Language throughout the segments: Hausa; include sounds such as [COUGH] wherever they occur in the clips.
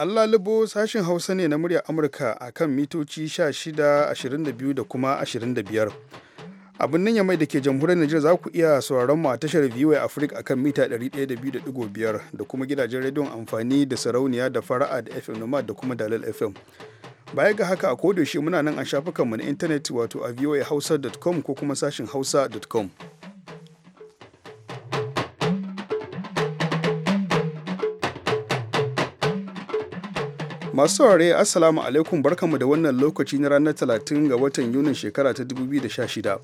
Allah Lubo sashin Hausa ne na muryar Amurka a kan mitoci 16, 22 da kuma 25. Abin nan mai da ke jamhuriyar Nijar za ku iya sauraron mu a tashar VOA Africa a kan mita 102.5 da kuma gidajen rediyon amfani da sarauniya da fara'a da FM Nomad da kuma Dalal FM. Baya ga haka a kodayaushe muna nan a shafukanmu na intanet wato a voahausa.com ko kuma sashin hausa.com. Masu saurare Assalamu alaikum barkanmu da wannan lokaci na ranar talatin ga watan Yunin shekara ta 2016.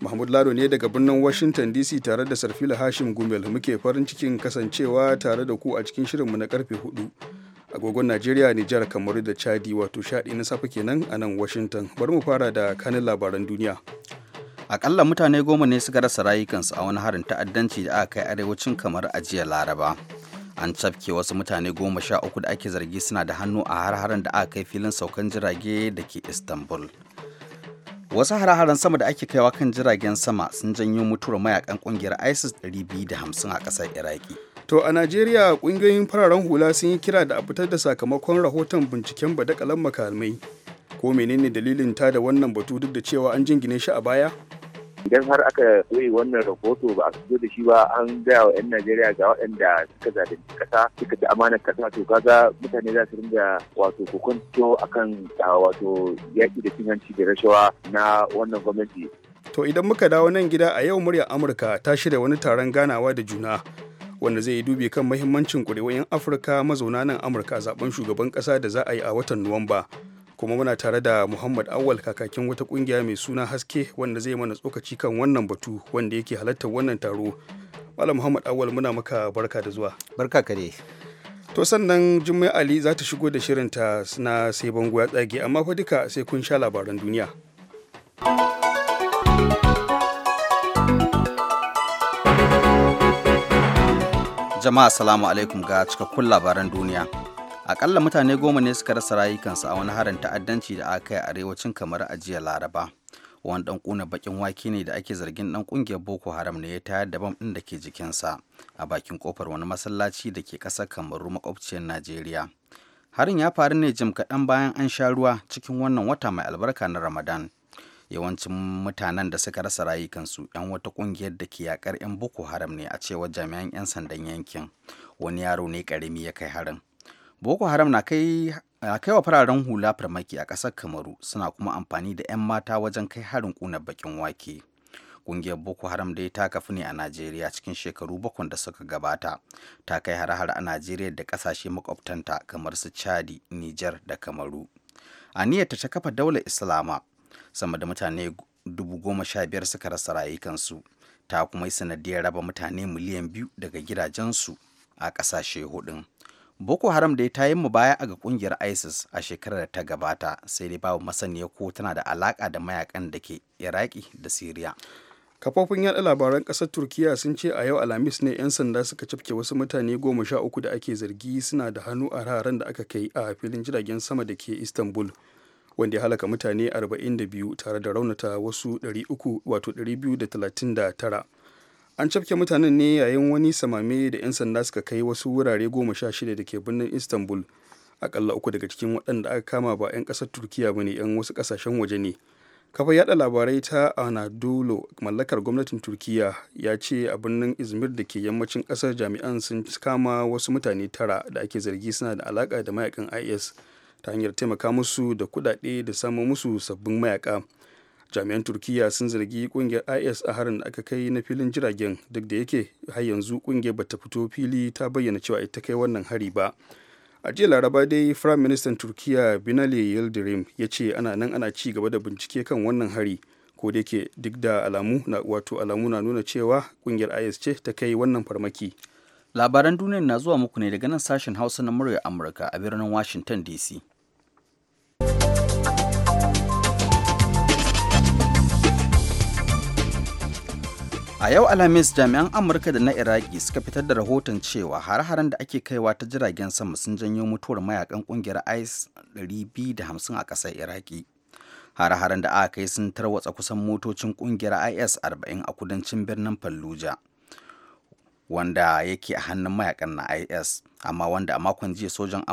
Mahmud Lado ne daga birnin Washington DC tare da Sarfila Hashim Gumel muke farin cikin kasancewa tare da ku a cikin shirinmu na karfe 4. Agogon Najeriya, Nijar, kamar da Chadi wato shaɗi na safe kenan a nan Washington. Bari mu fara da kanin labaran duniya. Akalla mutane goma ne suka rasa rayukansu a wani harin ta'addanci da aka kai arewacin kamar a jiya Laraba. an cafke wasu mutane goma sha uku da ake zargi suna da hannu a har da aka kai filin saukan jirage da ke istanbul wasu har-haren sama da ake kaiwa kan jiragen sama sun janyo mutuwar mayakan kungiyar isis hamsin a kasar iraki to a najeriya kungiyoyin fararen hula sun yi kira da a fitar da sakamakon rahoton binciken badakalan makamai ko menene dalilin ta da wannan batu duk da cewa an jingine shi a baya idan har aka yi wannan rahoto ba a fito da shi ba an gaya wa 'yan najeriya ga waɗanda suka zalunci ƙasa suka ci amanar ƙasa to kaga mutane za su ringa wato kokonto kan wato yaƙi da cinanci da rashawa na wannan gwamnati to idan muka dawo nan gida a yau muryar amurka ta shirya wani taron ganawa da juna wanda zai yi dubi kan mahimmancin ƙuri'o'in afirka mazauna nan amurka zaben shugaban ƙasa da za a yi a watan nuwamba kuma muna tare da muhammad awal kakakin wata kungiya mai suna haske wanda zai mana tsokaci kan wannan batu wanda yake halartar wannan taro malam muhammad awal muna maka barka da zuwa barka kare to sannan jummai ali za ta shigo da shirinta na sai bango ya tsage amma fa duka sai kun sha labaran duniya jama'a salamu alaikum ga cikakkun labaran duniya akalla mutane goma ne suka rasa rayukansu a wani harin ta'addanci da aka yi a arewacin kamar a jiya laraba wani dan kuna bakin wake ne da ake zargin dan kungiyar boko haram ne ya tayar da bam din da ke jikinsa a bakin kofar wani masallaci da ke kasar kamaru makwabciyar najeriya harin ya faru ne jim kaɗan bayan an sha ruwa cikin wannan wata mai albarka na ramadan yawancin mutanen da suka rasa rayukansu 'yan wata kungiyar da ke yakar 'yan boko haram ne a cewar jami'an 'yan sandan yankin wani yaro ne karimi ya kai harin boko haram na kai a kai wa fararen hula farmaki a ƙasar kamaru suna kuma amfani da 'yan mata wajen kai harin ƙuna bakin wake ƙungiyar boko haram dai ta kafu ne a najeriya cikin shekaru bakwai da suka gabata ta kai hare-hare a najeriya da ƙasashe makwabtanta kamar su chadi niger da kamaru a niyyarta ta kafa daular islama sama da mutane dubu goma sha biyar suka rasa rayukansu ta kuma yi sanadiyar raba mutane miliyan biyu daga gidajensu a ƙasashe hudun boko haram da ta yi mu baya ga kungiyar isis a shekarar da ta gabata sai dai babu masaniya ko tana da alaka da mayakan da ke iraki da siriya kafofin yaɗa labaran ƙasar turkiya sun ce a yau alhamis ne 'yan sanda suka cafke wasu mutane goma sha uku da ake zargi suna da hannu a hararen da aka kai a filin jiragen sama da ke istanbul wanda ya halaka mutane 42 tare da raunata wasu 300 wato 239 an cafke mutanen ne yayin wani samame da 'yan sanda suka kai wasu wurare goma sha shida da ke birnin istanbul akalla uku daga cikin waɗanda aka kama ba 'yan ƙasar turkiya ba ne 'yan wasu ƙasashen waje ne kafa yada labarai ta anadolu mallakar gwamnatin turkiya ya ce a birnin izmir da ke yammacin ƙasar jami'an sun kama wasu mutane tara da ake zargi suna da alaka da mayakan is ta hanyar taimaka musu da kuɗaɗe da samun musu sabbin mayaka jami'an turkiya sun zargi kungiyar is a harin da aka kai na filin jiragen duk da yake har yanzu kungiyar bata fito fili ta bayyana cewa ita kai wannan hari ba a jiya laraba dai prime minister turkiya binali yildirim ya ce ana nan ana ci gaba da bincike kan wannan hari ko da yake duk da alamu na wato alamu na nuna cewa kungiyar is ce ta kai wannan farmaki labaran duniya na zuwa muku ne daga nan sashen hausa na murya amurka a birnin washington dc A yau Alhamis jami'an Amurka da na Iraki suka fitar da rahoton cewa har-haren da ake kaiwa ta jiragen sama sun janyo mutuwar mayakan kungiyar IS 250 a kasar Iraki. Har-haren da aka kai sun tarwatsa kusan motocin kungiyar IS 40 a kudancin birnin Fallujah. wanda yake a hannun mayakan na IS amma wanda a makon jiya sojan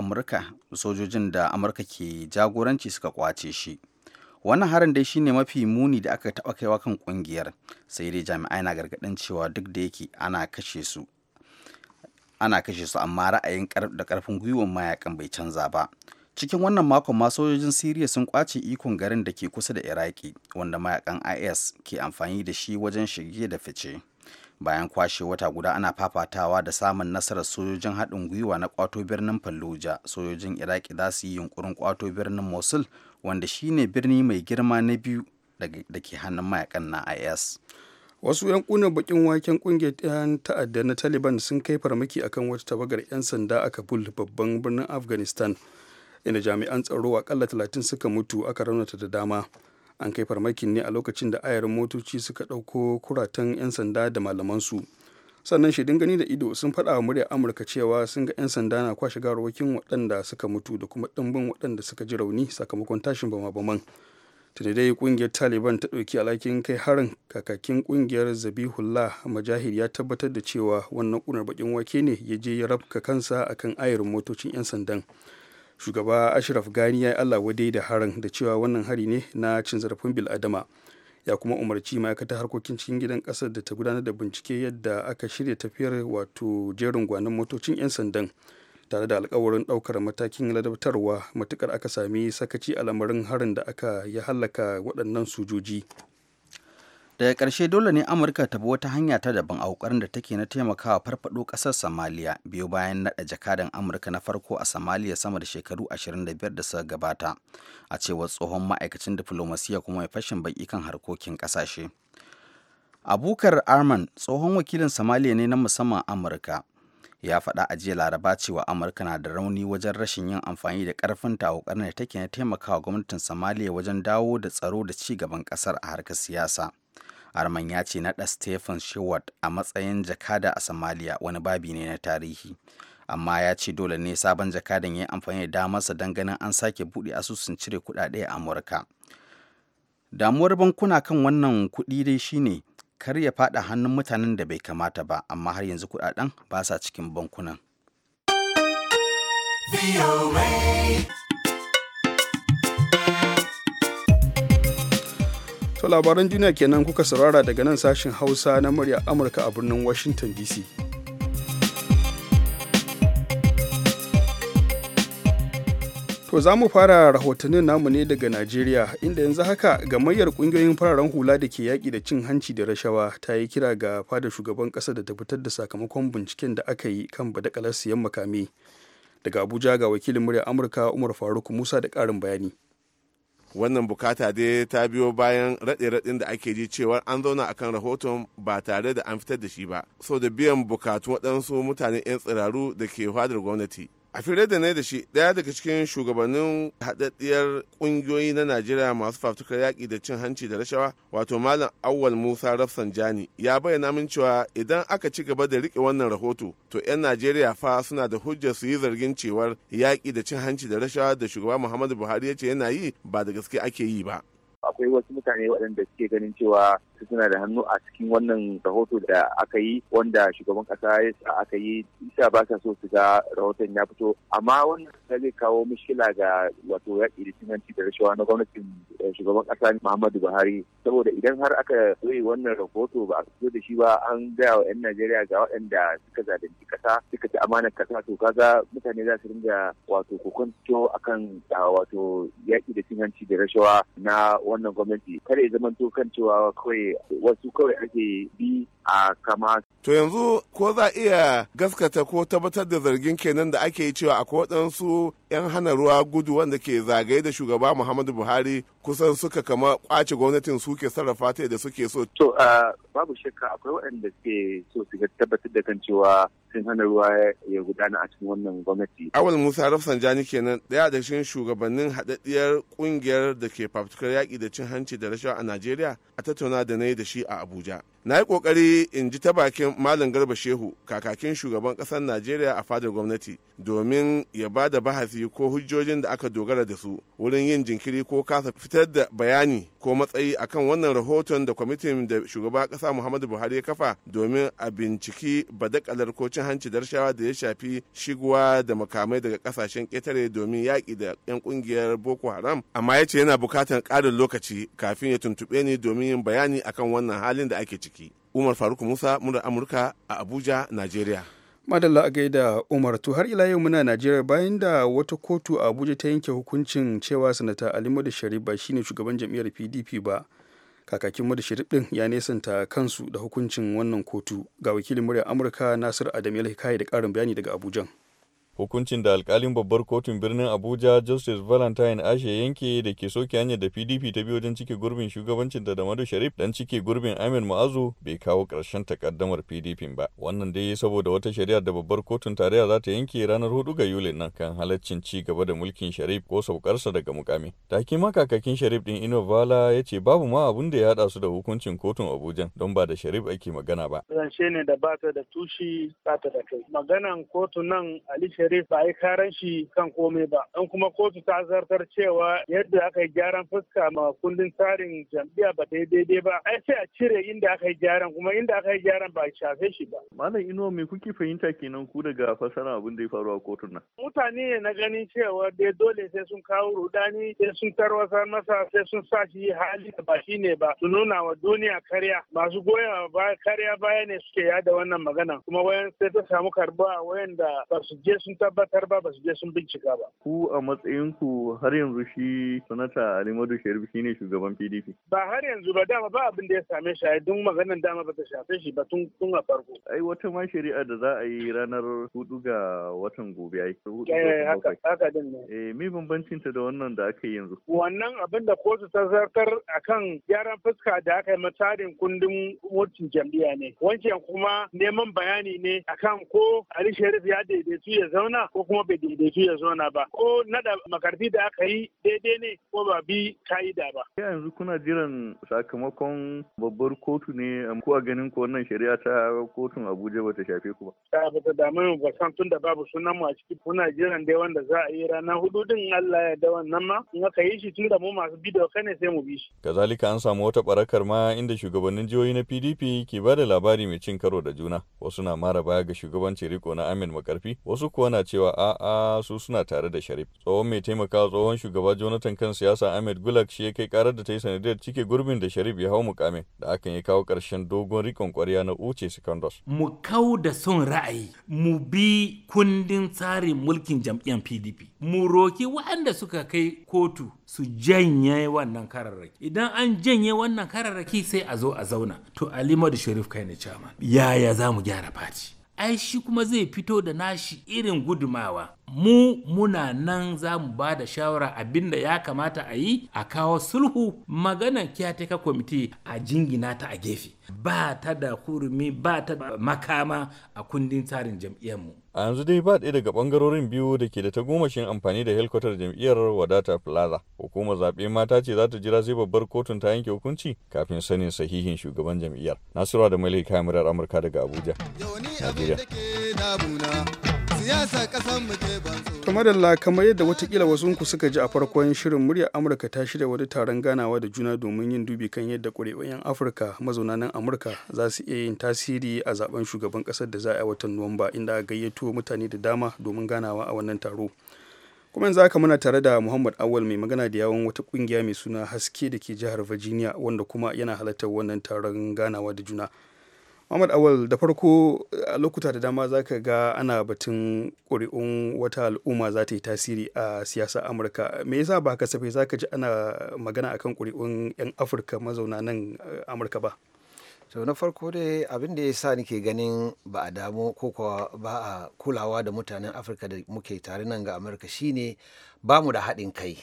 sojojin da Amurka ke jagoranci suka kwace shi. wannan harin dai shine mafi muni da aka taɓa kaiwa kan kungiyar sai dai jami'ai na gargaɗin cewa duk da yake ana kashe su ana kashe su amma ra'ayin da ƙarfin gwiwar mayakan bai canza ba cikin wannan makon ma sojojin siriya sun kwace ikon garin da ke kusa da iraki wanda mayakan is ke amfani da shi wajen shige da fice bayan kwashe wata guda ana fafatawa da samun nasarar sojojin haɗin gwiwa na kwato birnin fallujah sojojin iraki za su yi yunkurin kwato birnin mosul wanda shine birni mai girma na biyu da ke hannun mayakan na is wasu 'yan yankunan bakin waken kungiyar ta'adda na taliban sun kai farmaki akan wata tabagar 'yan sanda a kabul babban birnin afghanistan inda jami'an tsaro akalla 30 suka mutu aka raunata da dama an kai farmakin ne a lokacin da ayarin motoci suka ɗauko kuratan 'yan sanda da malaman su sannan shaidun gani da ido sun faɗa wa muryar amurka cewa sun ga 'yan sanda na kwashe gawarwakin waɗanda suka mutu da kuma ɗimbin waɗanda suka ji rauni sakamakon tashin bama-baman tunda dai kungiyar taliban ta ɗauki alhakin kai harin kakakin kungiyar zabihullah majahid ya tabbatar da cewa wannan ƙunar bakin wake ne ya je ya rabka kansa akan ayarin motocin 'yan sandan shugaba ashraf gani ya yi allah wadai da harin da cewa wannan hari ne na cin zarafin bil'adama ya kuma umarci ma'aikatar harkokin cikin gidan kasar da ta gudanar da bincike yadda aka shirya tafiyar wato jerin gwanon motocin 'yan sandan tare da alkawarin daukar matakin ladabtarwa matukar aka sami sakaci a lamarin harin da aka ya hallaka waɗannan sojoji daga ƙarshe dole ne amurka ta bi wata hanya ta daban a ƙoƙarin da take na taimakawa farfaɗo ƙasar samaliya biyu bayan naɗa jakadan amurka na farko a samaliya sama da shekaru 25 da suka gabata a cewar tsohon ma'aikacin diflomasiya kuma mai fashin baki kan harkokin ƙasashe abukar arman tsohon wakilin samaliya ne na musamman amurka ya faɗa a jiya laraba cewa amurka na da rauni wajen rashin yin amfani da ƙarfin a da take na taimakawa gwamnatin samaliya wajen dawo da tsaro da ci gaban ƙasar a harkar siyasa Harman ya ce naɗa Stephen Sheward a matsayin jakada a Somalia wani babi ne na tarihi. Amma ya ce dole ne sabon jakadan ya yi amfani da damarsa don ganin an sake buɗe asusun cire kuɗaɗe a Amurka. Damuwar bankuna kan wannan kuɗi dai shine kar ya faɗa hannun mutanen da bai kamata ba, amma har yanzu kuɗaɗen ba sa cikin bankunan. To labaran duniya kenan kuka saurara daga nan sashen Hausa na murya Amurka a birnin Washington DC. To za mu fara rahotannin namu ne daga Najeriya inda yanzu haka gamayyar kungiyoyin fararen hula da ke yaƙi da cin hanci da rashawa ta yi kira ga fada shugaban ƙasa da ta fitar da sakamakon binciken da aka yi kan badakalar siyan makami. Daga Abuja ga wakilin murya Amurka Umar Faruk Musa da ƙarin bayani. wannan bukata dai ta biyo bayan raɗe-raɗin da ake ji cewa an zauna akan rahoton ba tare da an fitar da shi ba sau da biyan bukatu waɗansu mutane 'yan tsiraru da ke fadar gwamnati a fira da na da shi daya daga cikin shugabannin haɗaɗɗiyar ƙungiyoyi na najeriya masu fafutukar yaƙi da cin hanci da rashawa wato malam awwal musa rafsan jani ya bayyana min cewa idan aka ci gaba da riƙe wannan rahoto to 'yan najeriya fa suna da hujjar su yi zargin cewar yaƙi da cin hanci da rashawa da shugaba muhammadu buhari ya ce yana yi ba da gaske ake yi ba akwai wasu mutane waɗanda suke ganin cewa suna da hannu a cikin wannan rahoto da aka yi wanda shugaban kasa ya sa aka yi isa ba sa so su ga rahoton ya fito amma wannan zai kawo mishkila ga wato yaƙi da da rashawa na gwamnatin eh, shugaban kasa Muhammadu Buhari saboda idan har aka yi wannan rahoto ba a fito da shi ba an gaya wa 'yan Najeriya ga waɗanda suka zalunci kasa suka ci amanar kasa to kaga mutane za su ringa wato kokonto akan wato yaƙi da cin hanci da rashawa na wannan gwamnati kada ya zama to kan cewa kawai wasu kawai ake bi a kama. To yanzu ko za iya gaskata ko tabbatar da zargin kenan da ake cewa akwai waɗansu 'yan hana ruwa gudu wanda ke zagaye da shugaba Muhammadu Buhari kusan suka kama kwace gwamnatin suke sarrafa ta da suke so. To babu shakka akwai waɗanda ke so su tabbatar da kan cewa sun hana ruwa ya gudana a cikin wannan gwamnati. Awal Musa Rafsanjani kenan daya da cikin shugabannin haɗaɗɗiyar kungiyar da ke fafutukar yaƙi da cin hanci da rashawa a Najeriya a tattauna da na yi da shi a Abuja. na yi kokari in ji ta bakin malam garba shehu kakakin shugaban kasar najeriya a fadar gwamnati domin ya ba da bahasi ko hujjojin da aka dogara da su wurin yin jinkiri ko kasa fitar da bayani ko matsayi akan wannan rahoton da kwamitin da shugaba kasa muhammadu buhari ya kafa domin a binciki badakalar ko cin hanci da rashawa da ya shafi shigowa da makamai daga kasashen ƙetare domin yaƙi da 'yan ƙungiyar boko haram amma ya ce yana buƙatar ƙarin lokaci kafin ya tuntuɓe ni domin yin bayani akan wannan halin da ake ciki Umar Faruk Musa murar Amurka a Abuja, Najeriya. Madalla a gaida Umar to har ila yau muna Najeriya bayan da wata kotu a Abuja ta yanke hukuncin cewa sanata Ali Madu Sharif ba shine shugaban jam'iyyar PDP ba. Kakakin Madu Sharif din ya nesanta kansu da hukuncin wannan kotu ga wakilin muryar Amurka Nasir Adam ya da karin bayani daga Abuja. hukuncin da alkalin babbar kotun birnin abuja justice valentine ashe yanke da ke soke hanyar da pdp ta biyo wajen cike gurbin shugabancin da damadu sharif dan cike gurbin amin ma'azu bai kawo karshen takaddamar pdp ba wannan dai saboda wata shari'ar da babbar kotun tarayya za ta yanke ranar hudu ga yulin nan kan halaccin ci gaba da mulkin sharif ko saukarsa daga mukami taki makakakin sharif din vala ya ce babu ma abun da ya haɗa su da hukuncin kotun abuja don ba da sharif ake magana ba. zance ne da ba da tushi ba ta da kai maganan kotu nan ali jere ba yi karan shi kan komai ba Dan kuma kotu ta zartar cewa yadda aka yi gyaran fuska ma kundin tsarin jam'iyya ba daidai ba ai sai a cire inda aka yi gyaran kuma inda aka yi gyaran ba shafe shi ba malam inuwa me kuke fahimta kenan ku daga fasara abin da ya faru a kotun nan mutane ne na ganin cewa dai dole sai sun kawo rudani sai sun tarwasa masa sai sun sa shi hali da ba shi ne ba su nuna wa duniya karya masu goya ba karya baya ne suke yada wannan magana kuma wayan sai ta samu karba wayan da ba su je sun tabbatar ba ba su je sun bincika ba. Ku a matsayinku har yanzu shi sanata Ali Madu Sharif shi ne shugaban PDP. Ba har yanzu ba dama ba abin da ya same shi ai duk maganan dama ba ta shafe shi ba tun tun a farko. Ai wata ma shari'a da za a yi ranar hudu ga watan gobe ai. Eh haka haka din ne. Eh me bambancin ta da wannan da aka yi yanzu? Wannan abin da kotu ta zartar akan gyaran fuska da aka yi matarin kundin wucin jam'iyya ne. Wancan kuma neman bayani ne akan ko Ali Sharif ya daidaitu ya zama zauna ko kuma bai daidaitu ya zauna ba ko nada makarfi da aka yi daidai ne ko ba bi ka'ida ba. yanzu kuna jiran sakamakon babbar kotu ne ko a ganin ko wannan shari'a ta kotun abuja bata shafe ku ba. ba ta damu mu ba tun da babu sunan mu a ciki kuna jiran dai wanda za a yi rana hudu din allah ya da wannan ma in aka yi shi tunda mu masu bi doka ne sai mu bi shi. kazalika an samu wata barakar ma inda shugabannin jihohi na pdp ke bada labari mai cin karo da juna wasu na mara baya ga shugabancin riko na amin makarfi wasu kuwa na na cewa a'a su suna tare da sharif tsohon mai taimaka tsohon shugaba jonathan kan siyasa ahmed gulak shi ya kai karar da ta yi sanadiyar cike gurbin da sharif ya hau mukamin da akan ya kawo karshen dogon rikon kwarya na uce secondos mu kau da son ra'ayi mu bi kundin tsarin mulkin jam'iyyar pdp mu roki waɗanda suka kai kotu su janye wannan kararraki idan an janye wannan kararraki sai a zo a zauna to alimadu sharif kai ne chairman yaya za mu gyara fati ai shi kuma zai fito da nashi irin gudumawa mu muna nan za mu ba da shawara abinda ya kamata a yi a kawo sulhu magana kyateka kwamiti a jingina ta a gefe ba ta da hurumi ba ta makama a kundin tsarin jam'iyyarmu. a yanzu dai ba ɗaya daga ɓangarorin biyu da ke da ta gomashin amfani da helikwatar jam'iyyar wadata plaza hukumar zaɓe mata ce za ta jira sai babbar kotun ta yanke hukunci kafin sanin sahihin shugaban jam'iyyar nasiru da malika kamerar amurka daga abuja siyasa kamar da kamar yadda watakila ku suka ji a farkon shirin murya amurka ta shirya wani taron ganawa da juna domin yin dubi kan yadda ƙwarewar afirka mazauna nan amurka za su iya yin tasiri a zaben shugaban ƙasar da za a yi watan nuwamba inda a gayyato mutane da dama domin ganawa a wannan taro kuma yanzu haka muna tare da muhammad awal mai magana da yawon wata kungiya mai suna haske da ke jihar virginia wanda kuma yana halartar wannan taron ganawa da juna Muhammad Awal da farko a lokuta da dama za ka ga ana batun ƙuri'un wata al'umma za ta yi tasiri a siyasa Amurka. Me yasa ba kasafai za ka ji ana magana akan ƙuri'un 'yan Afirka mazauna nan eh, Amurka ba? to na farko dai abin da ya sa nake ganin ba a damu ko ba a kulawa da mutanen afirka da muke tare nan ga amurka shine ba mu da haɗin kai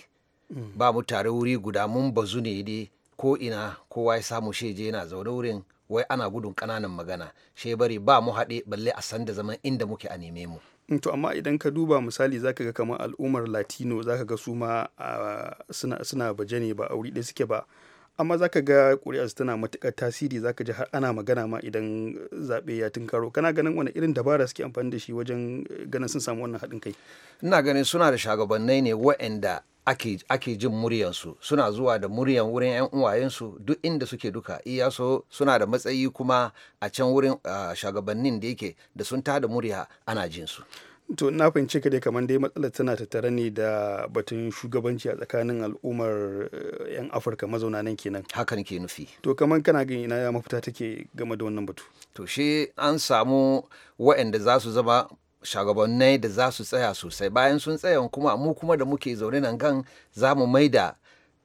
mm. ba mu tare wuri guda mun bazu ne dai ko ina kowa ya samu shi yana zaune wurin wai ana gudun ƙananan magana shi bari ba mu haɗe balle a san da zaman inda muke a neme mu mm, to amma idan ka duba misali zaka ga kamar al'ummar latino zaka ga su ma ah, suna baje ne ba auri ɗaya suke ba amma zaka ga su tana matuƙar tasiri zaka ji har ana magana ma idan zaɓe ya tunkaro kana ganin wani irin dabara suke amfani da shi wajen eh, ganin sun samu wannan haɗin kai ina ganin suna da shagabannai ne wa'anda ake, jin muryansu suna zuwa da muryan wurin 'yan uwayensu duk inda suke duka iya so suna da matsayi kuma a can wurin uh, shagabannin da yake da sun tada murya ana jinsu. su to na fahimci ka dai kamar dai matsalar tana tattare ne da batun shugabanci a tsakanin al'ummar eh, 'yan afirka mazauna nan kenan hakan ke nufi to kamar kana gani ina ya mafita take game da wannan batu to shi an samu wa'anda za su zama shugabannai da za su tsaya sosai bayan sun tsaya kuma mu kuma da muke zaune nan gan za mu da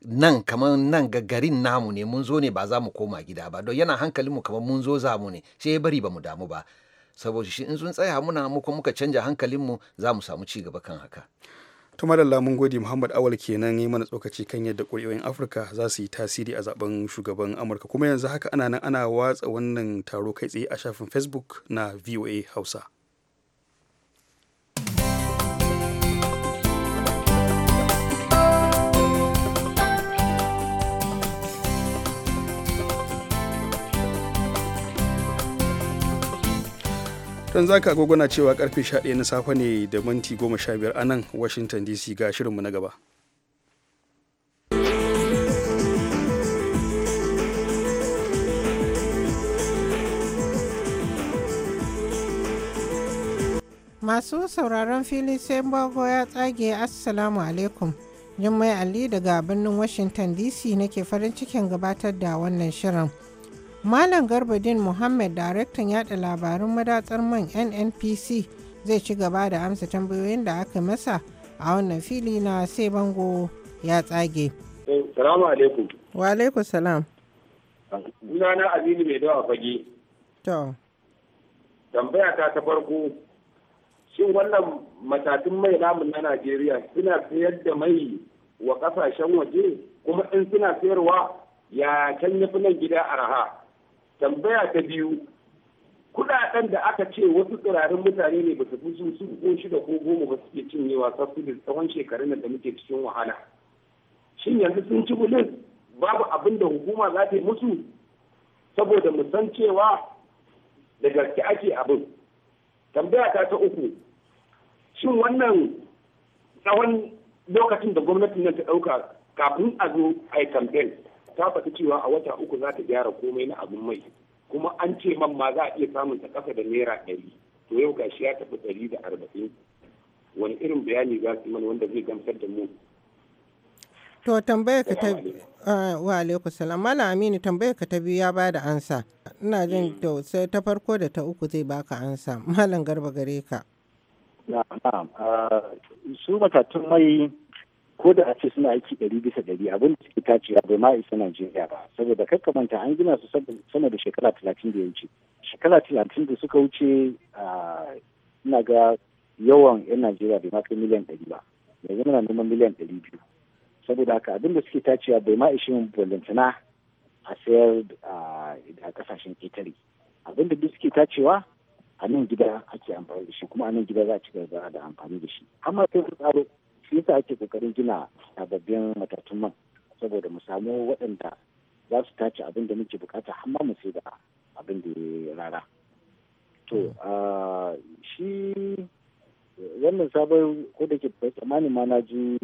nan kamar nan ga garin namu ne mun zo ne ba za mu koma gida ba don yana hankalin mu kamar mun zo za ne sai ya bari ba mu damu ba saboda shi in sun tsaya muna muku muka canja hankalinmu za mu samu ci gaba kan haka tuma da mun gode muhammad awal kenan yi mana tsokaci kan yadda ƙuri'oyin afirka za su yi tasiri a zaben shugaban amurka kuma yanzu haka ana nan ana watsa wannan taro kai tsaye a shafin facebook na voa hausa don zaka agogo cewa karfe 11 na safe ne da minti 15 a nan washington dc ga shirinmu na gaba masu sauraron fili sai bago ya tsage assalamu alaikum jummai ali daga birnin washington dc nake farin cikin gabatar da wannan shirin Malam Garbadin Muhammad daraktan yada labarun madatsar man NNPC zai ci gaba da amsa tambayoyin da aka masa a wannan fili na sai bango ya tsage. Salamu alaikum. Wa alaikum salam. Aminu mai Tambaya ta ta farko shin wannan matatun mai namun na Najeriya suna sayar da mai wa kasashen waje kuma in suna sayarwa ya can yafi nan gida raha? tambaya ta biyu kudaden da aka ce wasu tsirarin mutane ne ba su fi su ko shida ko goma ba suke cinyewa da tsawon shekarun da muke cikin wahala shin yanzu sun ci bulin babu abin da hukuma za ta yi musu saboda mu san cewa da gaske ake abin tambaya ta ta uku shin wannan tsawon lokacin da gwamnatin nan ta ɗauka kafin a zo a yi campaign ta faɗi cewa a wata uku za ta gyara komai na abin mai kuma an ce man ma za a iya samun ta kasa da naira ɗari to yau shi ya tafi ɗari da arba'in wani irin bayani za su mana wanda zai gamsar da mu to tambaya ka ta ah, wa alaikum salam mala aminu tambaya ka ta biyu ya ba da ansa ina jin mm. to sai ta farko da ta uku zai baka ansa malam garba gare ka na'am ah, su matatun mai ko da a ce suna aiki ɗari bisa ɗari abin da suke ya bai ma isa Najeriya ba saboda kakkamanta an gina su sama da shekara talatin da ya wuce shekara talatin da suka wuce ina ga yawan 'yan Najeriya bai ma kai miliyan ɗari ba yanzu muna neman miliyan ɗari biyu saboda haka abin da suke tacewa bai ma ishe mu ballantana a sayar a kasashen ƙetare abin da duk suke tacewa a nan gida ake amfani da shi kuma a nan gida za a ci gaba da amfani da shi amma sai tsaro shi yasa ake kokarin gina sababbin matatun man saboda mu samu waɗanda za su tace abin da muke bukata har ma mu sai da abin da ya rara to hmm. shi wannan sabon ko da ke tsammanin ma na ji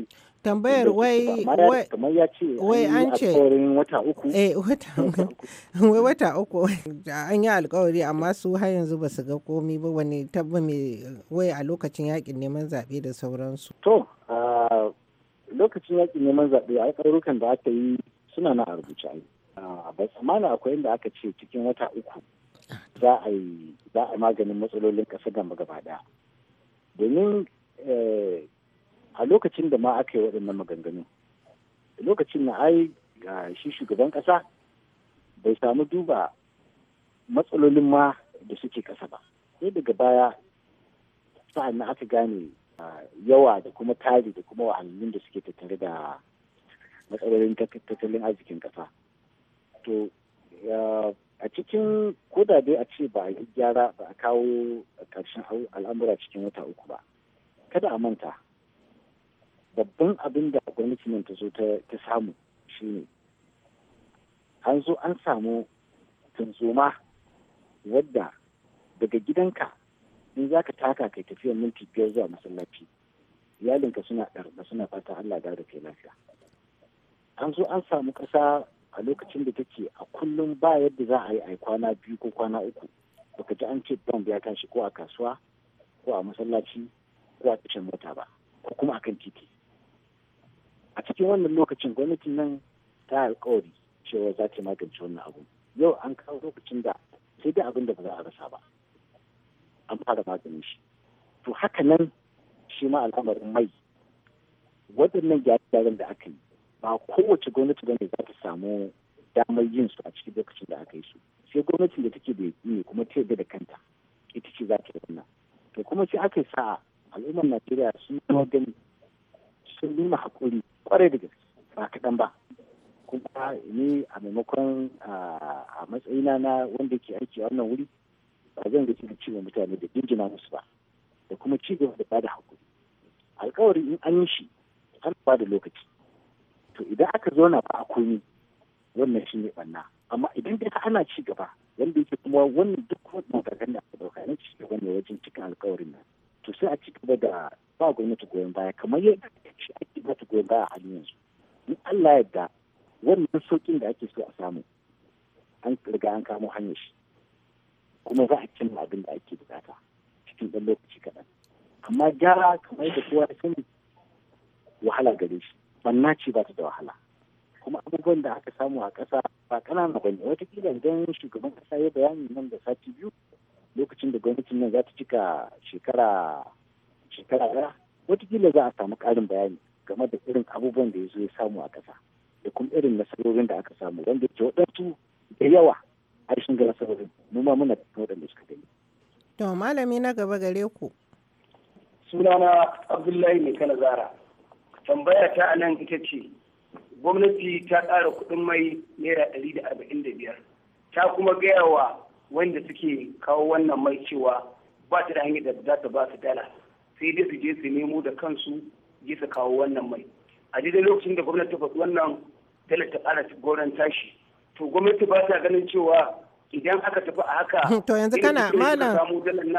tambayar wai kamar ya ce wai an ce wata uku eh wata [LAUGHS] wai wata uku an yi alkawari amma su har yanzu ba su ga komi ba wani tabbami mai wai a lokacin yakin neman zaɓe da sauransu to lokacin yakin neman zaɓe a ƙaurukan da aka yi suna na a rubuce ba tsammana akwai inda aka ce cikin wata uku za a yi za a maganin matsalolin ƙasa gaba gaba ɗaya domin eh, a lokacin da ma aka yi waɗannan maganganu lokacin na ai ga shi shugaban ƙasa bai samu duba matsalolin ma da suke ƙasa ba sai daga baya sa'an aka gane yawa da kuma tari da kuma wahalhalun da suke tattare da matsalolin tattalin arzikin ƙasa. To, a cikin koda dai a ce ba a yi gyara ba a kawo karshen al'amura cikin wata uku ba. Kada a manta, babban abin da gwamnati nan ta zo ta samu shi ne, an zo an samu tunzoma wadda daga gidanka in za ka taka kai tafiyar minti biyar zuwa masallaci iyalinka suna ɗarba suna fata Allah da kai lafiya an zo an samu ƙasa a lokacin da take a kullum ba yadda za a yi a kwana biyu ko kwana uku baka ji an ce bomb ya tashi ko a kasuwa ko a masallaci ko a tashin mota ba ko kuma a kan titi a cikin wannan lokacin gwamnatin nan ta alƙawari cewa za ta magance wannan abu yau an kawo lokacin da sai dai abin da ba za a rasa ba an fara maganin shi to haka nan shi ma al'amarin mai waɗannan gyare-gyaren da aka yi ba kowace gwamnati bane za ta samu damar yin su a cikin lokacin da aka yi su sai gwamnatin da take da ne kuma ta yarda da kanta ita ce za ta yi wannan to kuma sai aka yi sa'a al'ummar najeriya sun yi gani sun nuna haƙuri kwarai da gaske ba kaɗan ba kuma ni a maimakon a matsayina na wanda ke aiki a wannan wuri ba zan ga cikin ciwon mutane da jinjina musu ba da kuma ci gaba da bada hakuri alkawari in an yi shi an ba da lokaci to idan aka zo na ba a komi wannan shi ne banna amma idan dai ana ci gaba yanda yake kuma wannan duk wani matakan da aka dauka na ci gaba ne wajen cikin alkawarin nan to sai a ci gaba da ba gwamnati goyon baya kamar yadda shi ake ba ta goyon baya a halin yanzu in Allah ya yarda wannan saukin da ake so a samu an riga an kamo hanyar shi kuma za a cimma abin da ake bukata cikin ɗan lokaci kaɗan amma gyara kamar da kowa ya sani wahala gare shi banna ce ba ta da wahala kuma abubuwan da aka samu a ƙasa ba ƙanana ba ne watakila idan shugaban ƙasa ya bayani nan da sati biyu lokacin da gwamnatin nan za ta cika shekara shekara ɗaya watakila za a samu ƙarin bayani game da irin abubuwan da ya zo ya samu a ƙasa da kuma irin nasarorin da aka samu wanda ke waɗansu da yawa ai sun gara saboda mu muna muna cikin da suka gani. To malami na gaba gare ku. Sunana Abdullahi mai kana zara. Tambaya ta anan ita ce gwamnati ta ƙara kuɗin mai naira ɗari da arba'in da biyar. Ta kuma gaya wa wanda suke kawo wannan mai cewa ba ta da hanyar da za ta ba su dala sai dai su je su nemo da kansu je su kawo wannan mai. A daidai lokacin da gwamnati ta faɗi wannan dala ta ƙara goron tashi. to gwamnati ba ta ganin cewa idan aka tafi a haka [LAUGHS] to yanzu kana malam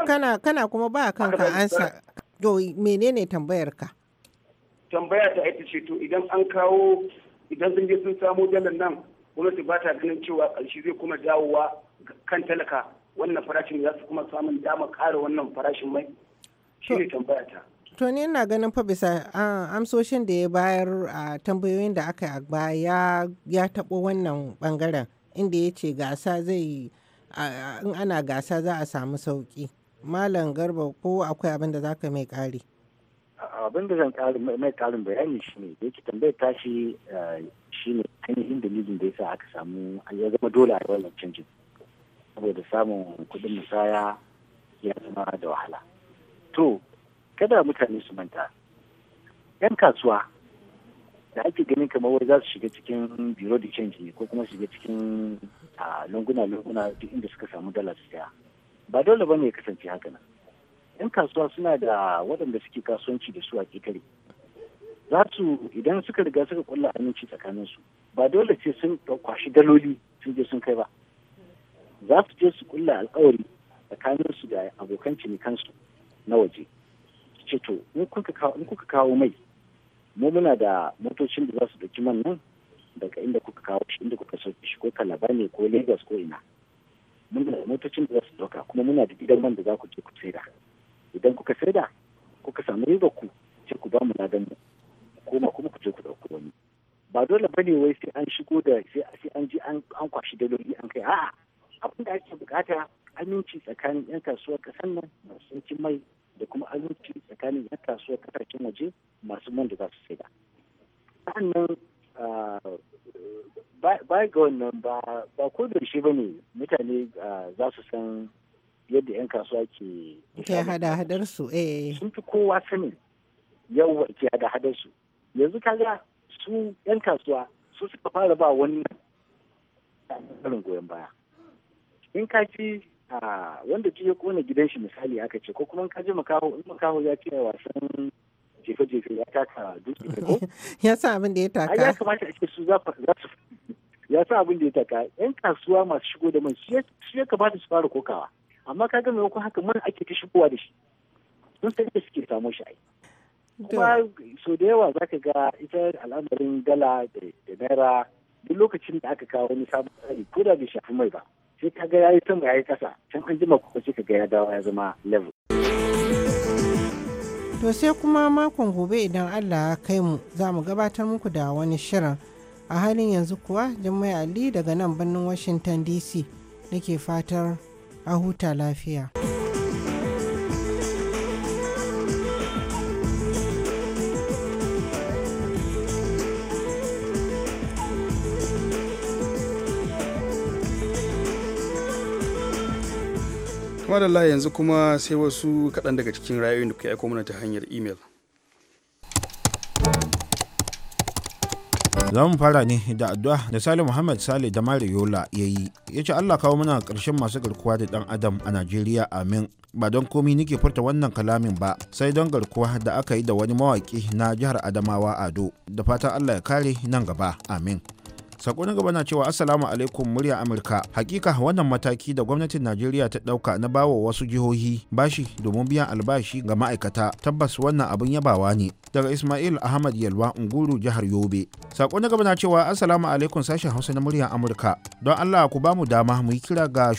kana kana kuma ba kanka ansa to menene tambayar ka tambaya ta ita ce to idan an kawo idan sun je sun samu dalan nan gwamnati ba ta ganin cewa karshe zai kuma dawowa kan talaka wannan farashin za su kuma samun dama kare wannan farashin mai shi ne tambaya ta To yana ina ganin fa bisa amsoshin da ya bayar a tambayoyin da aka a baya ya taɓo wannan ɓangaren inda ya ce gasa zai in ana gasa za a samu sauƙi. Malam Garba ko akwai abin da za ka mai ƙari? Abin da zan mai ƙarin bayani shi ne, da yake tambayar tashi shi ne ainihin dalilin da ya sa aka samu ya zama dole a wannan canjin. Saboda samun kuɗin musaya ya zama da wahala. To, kada mutane su manta yan kasuwa da ake ganin kamar wai za su shiga cikin biro da canji ko kuma shiga cikin lunguna-lunguna duk inda suka samu dala su saya ba dole ba ne kasance haka nan yan kasuwa suna da waɗanda suke kasuwanci da su a ƙetare za su idan suka riga suka kulla aminci tsakaninsu ba dole ce sun kwashi daloli sun je sun kai ba za su je su kulla alkawari tsakaninsu da abokan cinikansu na waje ce to in kuka kawo mai mu muna da motocin da za su ɗauki man nan daga inda kuka kawo shi inda kuka sauke shi ko kalaba ne ko lagos ko ina muna da motocin da za su ɗauka kuma muna da gidan man da za ku je ku saida idan kuka saida kuka samu riba ku ce ku ba mu ladan mu koma kuma ku je ku dauki wani ba dole bane wai sai an shigo da sai an ji an kwashi daloli an kai a'a abin da ake bukata aminci tsakanin 'yan kasuwar kasan nan masu mai da kuma aminci tsakanin yan kasuwar kasashen waje masu man da za su saida sannan ba ga wannan ba ko da shi ba ne mutane za su san yadda 'yan kasuwa ke ke hada hadar su eh sun fi kowa sanin yawa ke hada hadar su yanzu kaga su 'yan kasuwa su suka fara ba wannan tsarin goyon baya in ka ci wanda ya kone gidan shi misali aka ce ko kuma ka ji makaho in makaho ya ce wasan jefe-jefe ya taka dutse ko [LAUGHS] ya sa abin da ya taka ya kamata a ce su za su ya sa abin da ya taka yan kasuwa masu shigo da man su ya kamata su fara kokawa amma ka ga maimakon haka man ake ta shigowa da shi sun san da suke samu shi ai kuma so da yawa za ka ga ita al'amarin dala da naira duk lokacin da aka kawo wani sabon tsari ko da bai shafi mai ba sai ka ga yayi sama yayi kasa can an jima kuka sai ka ga ya dawo ya zama level to sai kuma makon gobe idan Allah ya kai mu za mu gabatar muku da wani shirin a halin yanzu kuwa Jummai Ali daga nan birnin Washington DC nake fatar a huta lafiya. madalla yanzu kuma sai wasu kaɗan daga cikin ra'ayoyin da kuke aiko mana ta hanyar imel. za mu fara ne da addu'a da sale muhammad sale da mare yola ya yi ya ce allah kawo mana ƙarshen masu garkuwa da ɗan adam a najeriya amin ba don komi nike furta wannan kalamin ba sai don garkuwa da aka yi da wani mawaƙi na jihar adamawa ado da fatan allah ya kare nan gaba amin sako na gaba na cewa assalamu alaikum murya amurka hakika wannan mataki da gwamnatin najeriya ta dauka na bawa wasu jihohi bashi domin biyan albashi ga ma'aikata tabbas wannan abin yabawa ne daga ismail ahmad yalwa unguru jihar yobe sako na gaba na cewa assalamu alaikum sashen hausa na murya amurka don allah ku bamu dama mu yi kira ga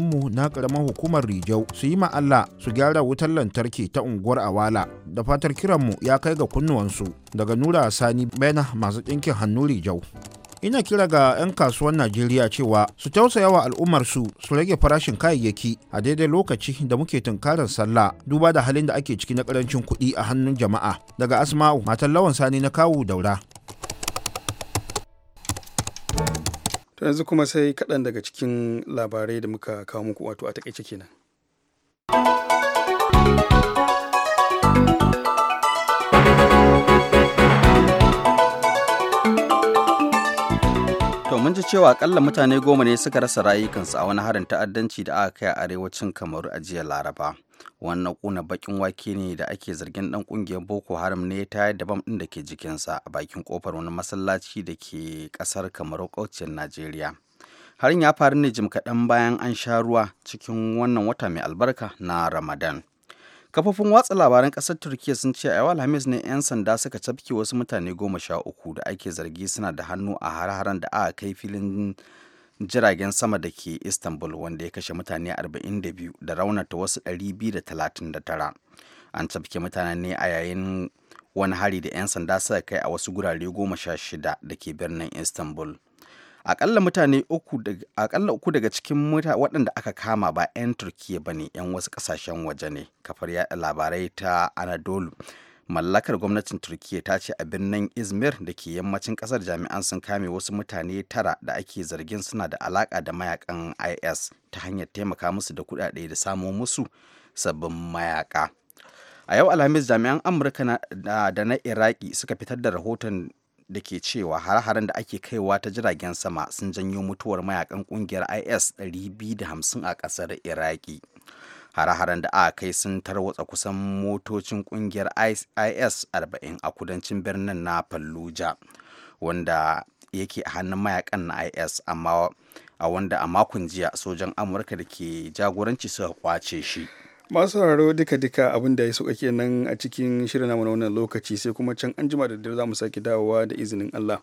mu na karamar hukumar rijau su yi ma allah su gyara wutar lantarki ta unguwar awala da fatar kiranmu ya kai ga kunnuwansu daga nura sani bena masu ɗinkin hannu rijau ina kira ga 'yan kasuwan najeriya cewa su tausaya wa al'ummarsu su rage farashin kayayyaki a daidai lokaci da muke tunkarar sallah duba da halin da ake ciki na karancin kuɗi a hannun jama'a daga asma'u matan lawan sani na kawu daura to yanzu kuma sai kaɗan daga cikin labarai da muka kawo muku wato a takaice kenan. To mun ji cewa akalla mutane goma ne suka rasa rayukansu a wani harin ta'addanci da aka kai a arewacin Kamaru a jiya Laraba. Wannan kuna bakin wake ne da ake zargin dan kungiyar Boko Haram ne ta da bam din da ke jikinsa a bakin kofar wani masallaci da ke kasar Kamaru kauciyar Najeriya. Harin ya faru ne jim kaɗan bayan an sha ruwa cikin wannan wata mai albarka na Ramadan. kafofin watsa labaran kasar turkiya sun ce yau alhamis ne 'yan sanda suka cafke wasu mutane goma sha uku da ake zargi suna da hannu a har-haren da aka kai filin jiragen sama da ke istanbul wanda ya kashe mutane 42 da raunata wasu 239 an cafke mutane ne a yayin wani hari da 'yan sanda suka kai a wasu gurare goma sha shida da ke birnin istanbul akalla mutane uku akalla uku daga cikin muta waɗanda aka kama ba 'yan turkiya ba ne 'yan wasu ƙasashen waje ne kafar yaɗa labarai ta anadolu mallakar gwamnatin turkiya ta ce a birnin izmir da ke yammacin ƙasar jami'an sun kame wasu mutane tara da ake zargin suna da alaƙa da mayakan is ta hanyar taimaka musu da kuɗaɗe da samo musu sabbin mayaka a yau alhamis jami'an amurka da na iraki suka fitar da rahoton da ke cewa har-haren da ake kaiwa ta jiragen sama sun janyo mutuwar mayakan kungiyar is 250 a ƙasar iraki har-haren da aka kai sun tarwatsa kusan motocin kungiyar is 40 a kudancin birnin na fallujah wanda yake a hannun mayakan na is amma a wanda a makon jiya sojan amurka da ke jagoranci suka kwace shi masu sauraro duka-duka abin da ya sauka nan a cikin shirin namu na wannan lokaci sai kuma can an jima da dare za mu sake dawowa da izinin Allah.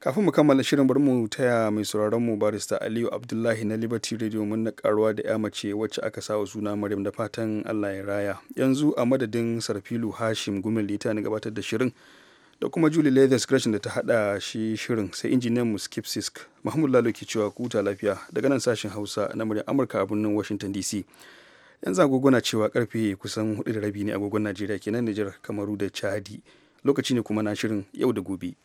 Kafin mu kammala shirin bari mu taya mai sauraron mu barista Aliyu Abdullahi na Liberty Radio mun na karuwa da ya mace wacce aka sawa suna Maryam da fatan Allah ya raya. Yanzu a madadin Sarfilu Hashim Gumel ita na gabatar da shirin da kuma Julie Leathers Gresham da ta hada shi shirin sai injiniyan mu Skip Sisk Mahmud Lalo ke cewa kuta lafiya daga nan sashen Hausa na muryar Amurka a birnin Washington DC. yanzu agogo na cewa karfe kusan hudu da rabi ne agogon najeriya kenan nijar kamaru da chadi lokaci ne kuma na shirin yau da gobe